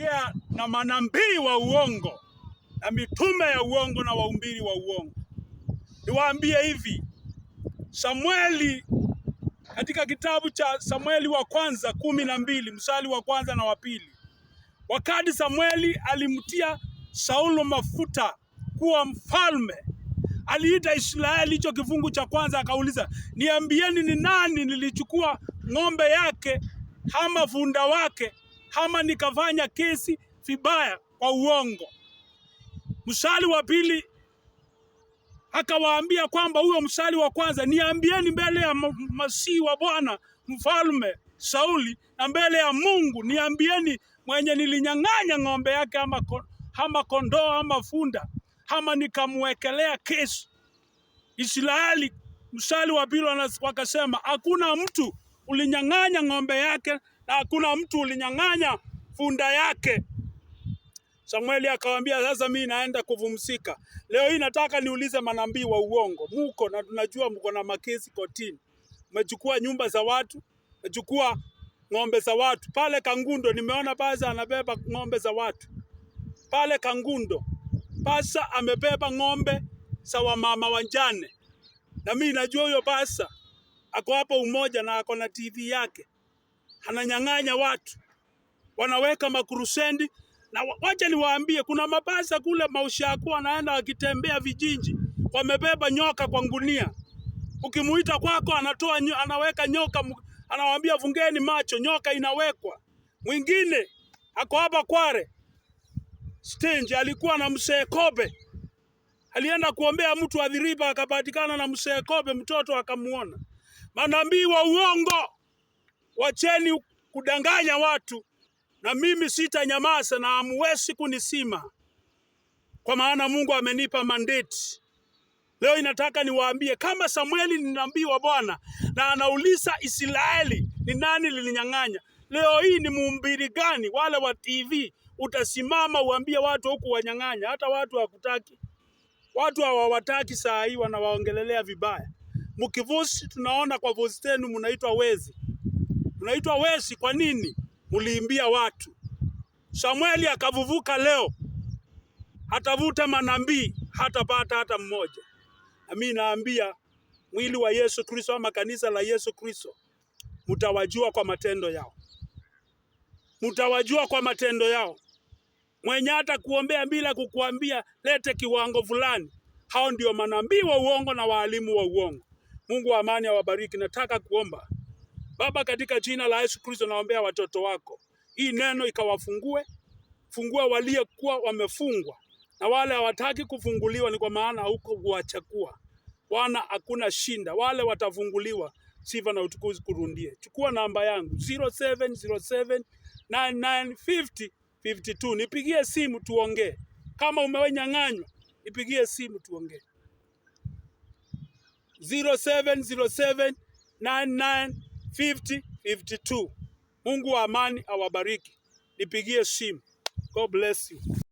kutokea na manabii wa uongo na mitume ya uongo na waumbiri wa uongo. Niwaambie hivi, Samueli katika kitabu cha Samueli wa kwanza kumi na mbili mstari wa kwanza na wa pili, wakati Samueli alimtia Saulo mafuta kuwa mfalme, aliita Israeli, hicho kifungu cha kwanza, akauliza niambieni, ni nani nilichukua ng'ombe yake ama funda wake ama nikafanya kesi vibaya kwa uongo. Mshali wa pili akawaambia kwamba huyo mshali wa kwanza, niambieni mbele ya masihi wa Bwana mfalme Sauli na mbele ya Mungu niambieni, mwenye nilinyang'anya ng'ombe yake ama, ama kondoo ama funda ama nikamwekelea kesi Israeli. Mshali wa pili wakasema, hakuna mtu ulinyang'anya ng'ombe yake na hakuna mtu ulinyang'anya funda yake. Samueli akawambia, sasa mi naenda kuvumsika. Leo hii nataka niulize manabii wa uongo, muko na tunajua mko na makesi kotini, umechukua nyumba za watu, umechukua ng'ombe za watu. Pale Kangundo nimeona Basa anabeba ng'ombe za watu pale Kangundo. Basa amebeba ng'ombe za wamama wanjane, na mimi najua huyo Basa ako hapo Umoja na ako na TV yake ananyang'anya watu, wanaweka makurusendi na wacha niwaambie, kuna mabasa kule Maushaku anaenda wakitembea vijinji, wamebeba nyoka kwa ngunia. Ukimuita kwako anatoa anaweka nyoka, anawaambia vungeni macho, nyoka inawekwa. Mwingine ako hapa Kware stage, alikuwa na msee Kobe, alienda kuombea mtu adhiriba, akapatikana na msee Kobe, mtoto akamuona. Manabii wa uongo. Wacheni kudanganya watu, na mimi sitanyamaza na hamwezi kunisima, kwa maana Mungu amenipa mandate. Leo inataka niwaambie kama Samueli ninaambiwa Bwana na anauliza Israeli ni nani lilinyang'anya. Leo hii ni mhubiri gani wale wa TV utasimama uambie watu huku wanyang'anya? Hata watu hawakutaki, watu hawawataki, saa hii wanawaongelelea vibaya. Mkivusi tunaona kwa vusi tenu mnaitwa wezi unaitwa wezi. Kwa nini Uliimbia watu? Samueli akavuvuka leo, hatavuta manabii, hatapata hata mmoja. Nami naambia mwili wa Yesu Kristo ama kanisa la Yesu Kristo, mtawajua kwa matendo yao, mtawajua kwa matendo yao. Mwenye hata kuombea bila kukuambia lete kiwango fulani, hao ndio manabii wa uongo na waalimu wa uongo. Mungu wa amani awabariki. Nataka kuomba Baba, katika jina la Yesu Kristo naombea watoto wako, hii neno ikawafungue, fungua waliokuwa wamefungwa na wale hawataki kufunguliwa, ni kwa maana huko kuwachakua Bwana, hakuna shinda, wale watafunguliwa. Sifa na utukuzi kurundie. Chukua namba yangu 0707995052 nipigie simu tuongee. Kama umewenyang'anywa nipigie simu tuongee 070799 5052. Mungu wa amani awabariki. Nipigie simu. God bless you.